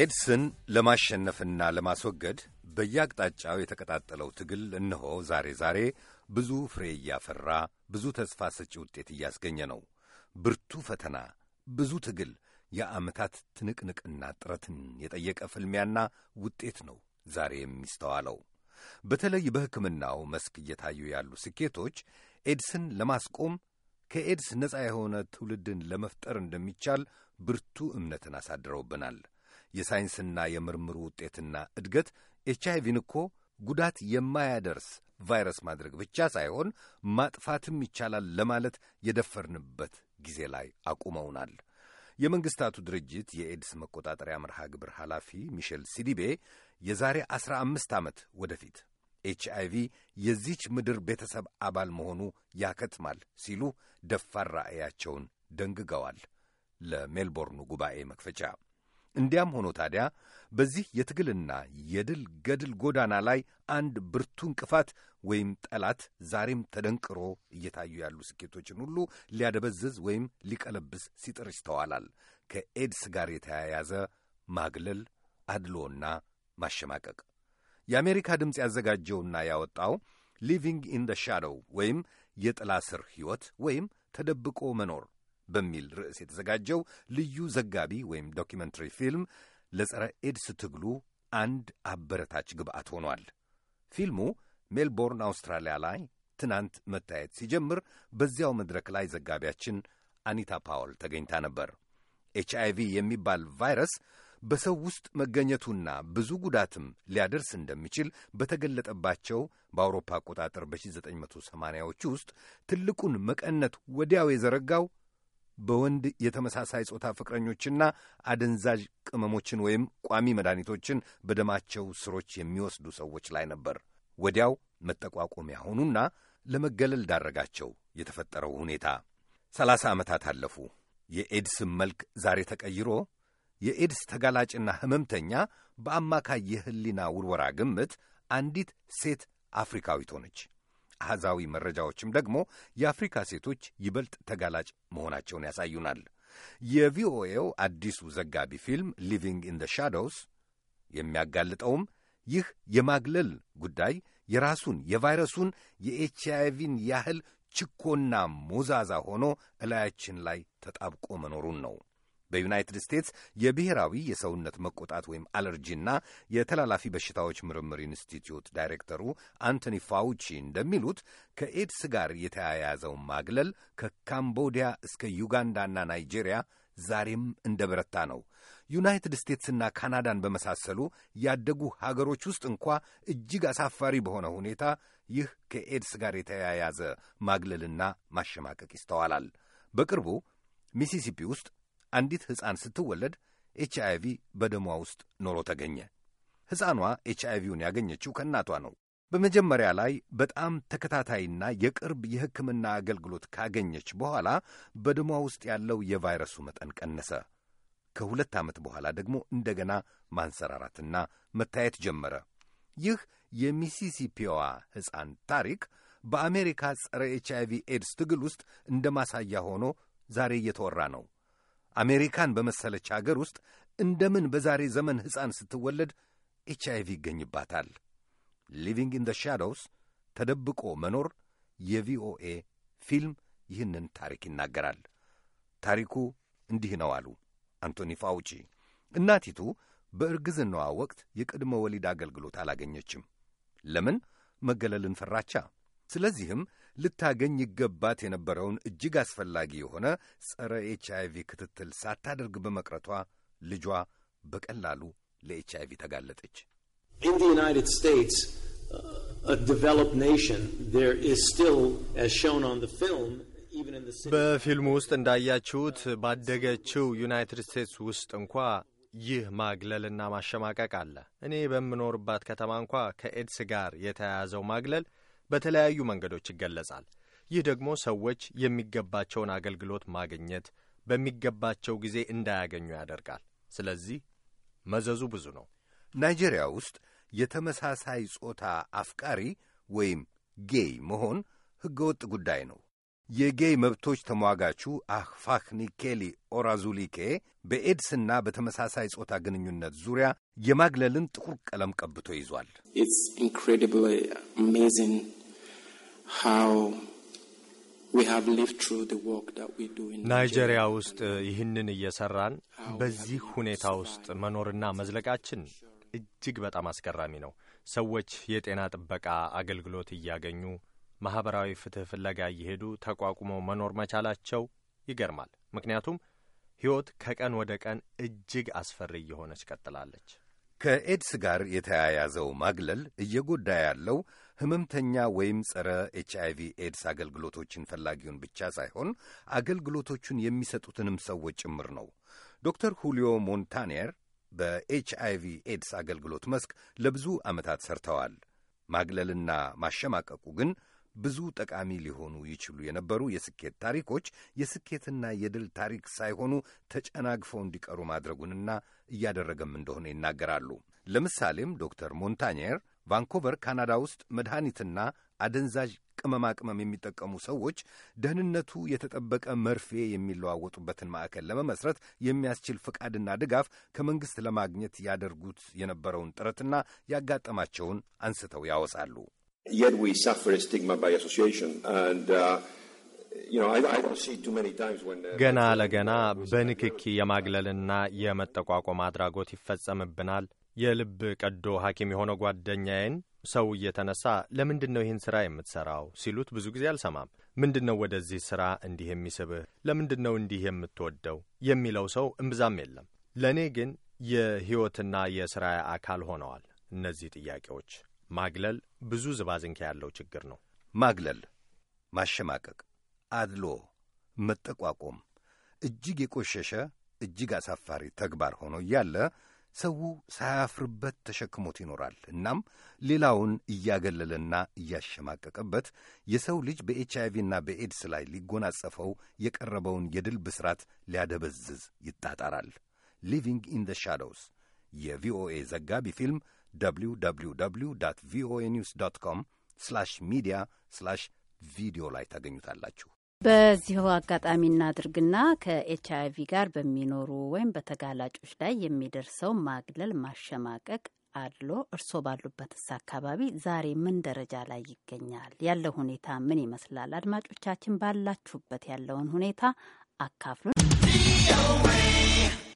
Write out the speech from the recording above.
ኤድስን ለማሸነፍና ለማስወገድ በየአቅጣጫው የተቀጣጠለው ትግል እነሆ ዛሬ ዛሬ ብዙ ፍሬ እያፈራ ብዙ ተስፋ ሰጪ ውጤት እያስገኘ ነው። ብርቱ ፈተና፣ ብዙ ትግል፣ የዓመታት ትንቅንቅና ጥረትን የጠየቀ ፍልሚያና ውጤት ነው ዛሬ የሚስተዋለው። በተለይ በሕክምናው መስክ እየታዩ ያሉ ስኬቶች ኤድስን ለማስቆም ከኤድስ ነጻ የሆነ ትውልድን ለመፍጠር እንደሚቻል ብርቱ እምነትን አሳድረውብናል። የሳይንስና የምርምሩ ውጤትና እድገት ኤች አይቪን እኮ ጉዳት የማያደርስ ቫይረስ ማድረግ ብቻ ሳይሆን ማጥፋትም ይቻላል ለማለት የደፈርንበት ጊዜ ላይ አቁመውናል። የመንግስታቱ ድርጅት የኤድስ መቆጣጠሪያ መርሃ ግብር ኃላፊ ሚሼል ሲዲቤ የዛሬ 15 ዓመት ወደፊት ኤች አይቪ የዚች ምድር ቤተሰብ አባል መሆኑ ያከትማል ሲሉ ደፋር ራዕያቸውን ደንግገዋል ለሜልቦርኑ ጉባኤ መክፈቻ። እንዲያም ሆኖ ታዲያ በዚህ የትግልና የድል ገድል ጎዳና ላይ አንድ ብርቱ እንቅፋት ወይም ጠላት ዛሬም ተደንቅሮ እየታዩ ያሉ ስኬቶችን ሁሉ ሊያደበዝዝ ወይም ሊቀለብስ ሲጥር ይስተዋላል። ከኤድስ ጋር የተያያዘ ማግለል፣ አድሎና ማሸማቀቅ የአሜሪካ ድምፅ ያዘጋጀውና ያወጣው ሊቪንግ ኢን ደ ሻዶው ወይም የጥላ ስር ሕይወት ወይም ተደብቆ መኖር በሚል ርዕስ የተዘጋጀው ልዩ ዘጋቢ ወይም ዶኪመንታሪ ፊልም ለጸረ ኤድስ ትግሉ አንድ አበረታች ግብዓት ሆኗል። ፊልሙ ሜልቦርን አውስትራሊያ ላይ ትናንት መታየት ሲጀምር በዚያው መድረክ ላይ ዘጋቢያችን አኒታ ፓወል ተገኝታ ነበር። ኤች አይ ቪ የሚባል ቫይረስ በሰው ውስጥ መገኘቱና ብዙ ጉዳትም ሊያደርስ እንደሚችል በተገለጠባቸው በአውሮፓ አቆጣጠር በ1980ዎቹ ውስጥ ትልቁን መቀነት ወዲያው የዘረጋው በወንድ የተመሳሳይ ጾታ ፍቅረኞችና አደንዛዥ ቅመሞችን ወይም ቋሚ መድኃኒቶችን በደማቸው ስሮች የሚወስዱ ሰዎች ላይ ነበር። ወዲያው መጠቋቆሚያ ሆኑና ለመገለል ዳረጋቸው የተፈጠረው ሁኔታ። ሰላሳ ዓመታት አለፉ። የኤድስም መልክ ዛሬ ተቀይሮ የኤድስ ተጋላጭና ህመምተኛ በአማካይ የህሊና ውርወራ ግምት አንዲት ሴት አፍሪካዊት ሆነች። አሕዛዊ መረጃዎችም ደግሞ የአፍሪካ ሴቶች ይበልጥ ተጋላጭ መሆናቸውን ያሳዩናል። የቪኦኤው አዲሱ ዘጋቢ ፊልም ሊቪንግ ኢን ደ ሻዶውስ የሚያጋልጠውም ይህ የማግለል ጉዳይ የራሱን የቫይረሱን የኤች አይቪን ያህል ችኮና ሞዛዛ ሆኖ እላያችን ላይ ተጣብቆ መኖሩን ነው። በዩናይትድ ስቴትስ የብሔራዊ የሰውነት መቆጣት ወይም አለርጂና የተላላፊ በሽታዎች ምርምር ኢንስቲትዩት ዳይሬክተሩ አንቶኒ ፋውቺ እንደሚሉት ከኤድስ ጋር የተያያዘው ማግለል ከካምቦዲያ እስከ ዩጋንዳና ናይጄሪያ ዛሬም እንደ በረታ ነው። ዩናይትድ ስቴትስና ካናዳን በመሳሰሉ ያደጉ ሀገሮች ውስጥ እንኳ እጅግ አሳፋሪ በሆነ ሁኔታ ይህ ከኤድስ ጋር የተያያዘ ማግለልና ማሸማቀቅ ይስተዋላል። በቅርቡ ሚሲሲፒ ውስጥ አንዲት ሕፃን ስትወለድ ኤች አይ ቪ በደሟ ውስጥ ኖሮ ተገኘ። ሕፃኗ ኤች አይ ቪውን ያገኘችው ከእናቷ ነው። በመጀመሪያ ላይ በጣም ተከታታይና የቅርብ የሕክምና አገልግሎት ካገኘች በኋላ በደሟ ውስጥ ያለው የቫይረሱ መጠን ቀነሰ። ከሁለት ዓመት በኋላ ደግሞ እንደገና ማንሰራራትና መታየት ጀመረ። ይህ የሚሲሲፒዋ ሕፃን ታሪክ በአሜሪካ ጸረ ኤች አይ ቪ ኤድስ ትግል ውስጥ እንደ ማሳያ ሆኖ ዛሬ እየተወራ ነው። አሜሪካን በመሰለች አገር ውስጥ እንደምን በዛሬ ዘመን ሕፃን ስትወለድ ኤች አይቪ ይገኝባታል? ሊቪንግ ኢን ደ ሻዶውስ ተደብቆ መኖር የቪኦኤ ፊልም ይህንን ታሪክ ይናገራል። ታሪኩ እንዲህ ነው አሉ አንቶኒ ፋውጪ። እናቲቱ በእርግዝናዋ ወቅት የቅድመ ወሊድ አገልግሎት አላገኘችም። ለምን? መገለልን ፈራቻ። ስለዚህም ልታገኝ ይገባት የነበረውን እጅግ አስፈላጊ የሆነ ጸረ ኤች አይ ቪ ክትትል ሳታደርግ በመቅረቷ ልጇ በቀላሉ ለኤች አይ ቪ ተጋለጠች። In the United States, uh, a developed nation, there is still, as shown on the film, በፊልሙ ውስጥ እንዳያችሁት ባደገችው ዩናይትድ ስቴትስ ውስጥ እንኳ ይህ ማግለልና ማሸማቀቅ አለ። እኔ በምኖርባት ከተማ እንኳ ከኤድስ ጋር የተያያዘው ማግለል በተለያዩ መንገዶች ይገለጻል። ይህ ደግሞ ሰዎች የሚገባቸውን አገልግሎት ማግኘት በሚገባቸው ጊዜ እንዳያገኙ ያደርጋል። ስለዚህ መዘዙ ብዙ ነው። ናይጄሪያ ውስጥ የተመሳሳይ ጾታ አፍቃሪ ወይም ጌይ መሆን ሕገወጥ ጉዳይ ነው። የጌይ መብቶች ተሟጋቹ ኒኬሊ ኦራዙሊኬ በኤድስና በተመሳሳይ ጾታ ግንኙነት ዙሪያ የማግለልን ጥቁር ቀለም ቀብቶ ይዟል። ናይጄሪያ ውስጥ ይህንን እየሰራን በዚህ ሁኔታ ውስጥ መኖርና መዝለቃችን እጅግ በጣም አስገራሚ ነው። ሰዎች የጤና ጥበቃ አገልግሎት እያገኙ ማኅበራዊ ፍትሕ ፍለጋ እየሄዱ ተቋቁመው መኖር መቻላቸው ይገርማል። ምክንያቱም ሕይወት ከቀን ወደ ቀን እጅግ አስፈሪ እየሆነች ቀጥላለች። ከኤድስ ጋር የተያያዘው ማግለል እየጎዳ ያለው ህመምተኛ ወይም ጸረ ኤች አይቪ ኤድስ አገልግሎቶችን ፈላጊውን ብቻ ሳይሆን አገልግሎቶቹን የሚሰጡትንም ሰዎች ጭምር ነው። ዶክተር ሁሊዮ ሞንታኔር በኤች አይቪ ኤድስ አገልግሎት መስክ ለብዙ ዓመታት ሰርተዋል። ማግለልና ማሸማቀቁ ግን ብዙ ጠቃሚ ሊሆኑ ይችሉ የነበሩ የስኬት ታሪኮች የስኬትና የድል ታሪክ ሳይሆኑ ተጨናግፈው እንዲቀሩ ማድረጉንና እያደረገም እንደሆነ ይናገራሉ። ለምሳሌም ዶክተር ሞንታኔር ቫንኮቨር ካናዳ ውስጥ መድኃኒትና አደንዛዥ ቅመማ ቅመም የሚጠቀሙ ሰዎች ደህንነቱ የተጠበቀ መርፌ የሚለዋወጡበትን ማዕከል ለመመስረት የሚያስችል ፍቃድና ድጋፍ ከመንግሥት ለማግኘት ያደርጉት የነበረውን ጥረትና ያጋጠማቸውን አንስተው ያወሳሉ። yet we suffer a stigma by association. And, uh, uh ገና ለገና በንክኪ የማግለልና የመጠቋቆም አድራጎት ይፈጸምብናል። የልብ ቀዶ ሐኪም የሆነው ጓደኛዬን ሰው እየተነሳ ለምንድን ነው ይህን ሥራ የምትሠራው ሲሉት ብዙ ጊዜ አልሰማም። ምንድን ነው ወደዚህ ሥራ እንዲህ የሚስብህ? ለምንድን ነው እንዲህ የምትወደው? የሚለው ሰው እምብዛም የለም። ለእኔ ግን የሕይወትና የሥራ አካል ሆነዋል እነዚህ ጥያቄዎች። ማግለል ብዙ ዝባዝንኪ ያለው ችግር ነው። ማግለል፣ ማሸማቀቅ፣ አድሎ፣ መጠቋቆም እጅግ የቆሸሸ እጅግ አሳፋሪ ተግባር ሆኖ እያለ ሰው ሳያፍርበት ተሸክሞት ይኖራል። እናም ሌላውን እያገለለና እያሸማቀቀበት የሰው ልጅ በኤች አይቪና በኤድስ ላይ ሊጎናጸፈው የቀረበውን የድል ብስራት ሊያደበዝዝ ይጣጣራል። ሊቪንግ ኢን ደ ሻዶውስ የቪኦኤ ዘጋቢ ፊልም www ቪኦኤ ኒውስ ዶት ኮም ስላሽ ሚዲያ ስላሽ ቪዲዮ ላይ ታገኙታላችሁ። በዚሁ አጋጣሚ እናድርግና ከኤች ቪ ጋር በሚኖሩ ወይም በተጋላጮች ላይ የሚደርሰው ማግለል፣ ማሸማቀቅ፣ አድሎ እርስዎ ባሉበትስ አካባቢ ዛሬ ምን ደረጃ ላይ ይገኛል? ያለው ሁኔታ ምን ይመስላል? አድማጮቻችን ባላችሁበት ያለውን ሁኔታ አካፍሉን።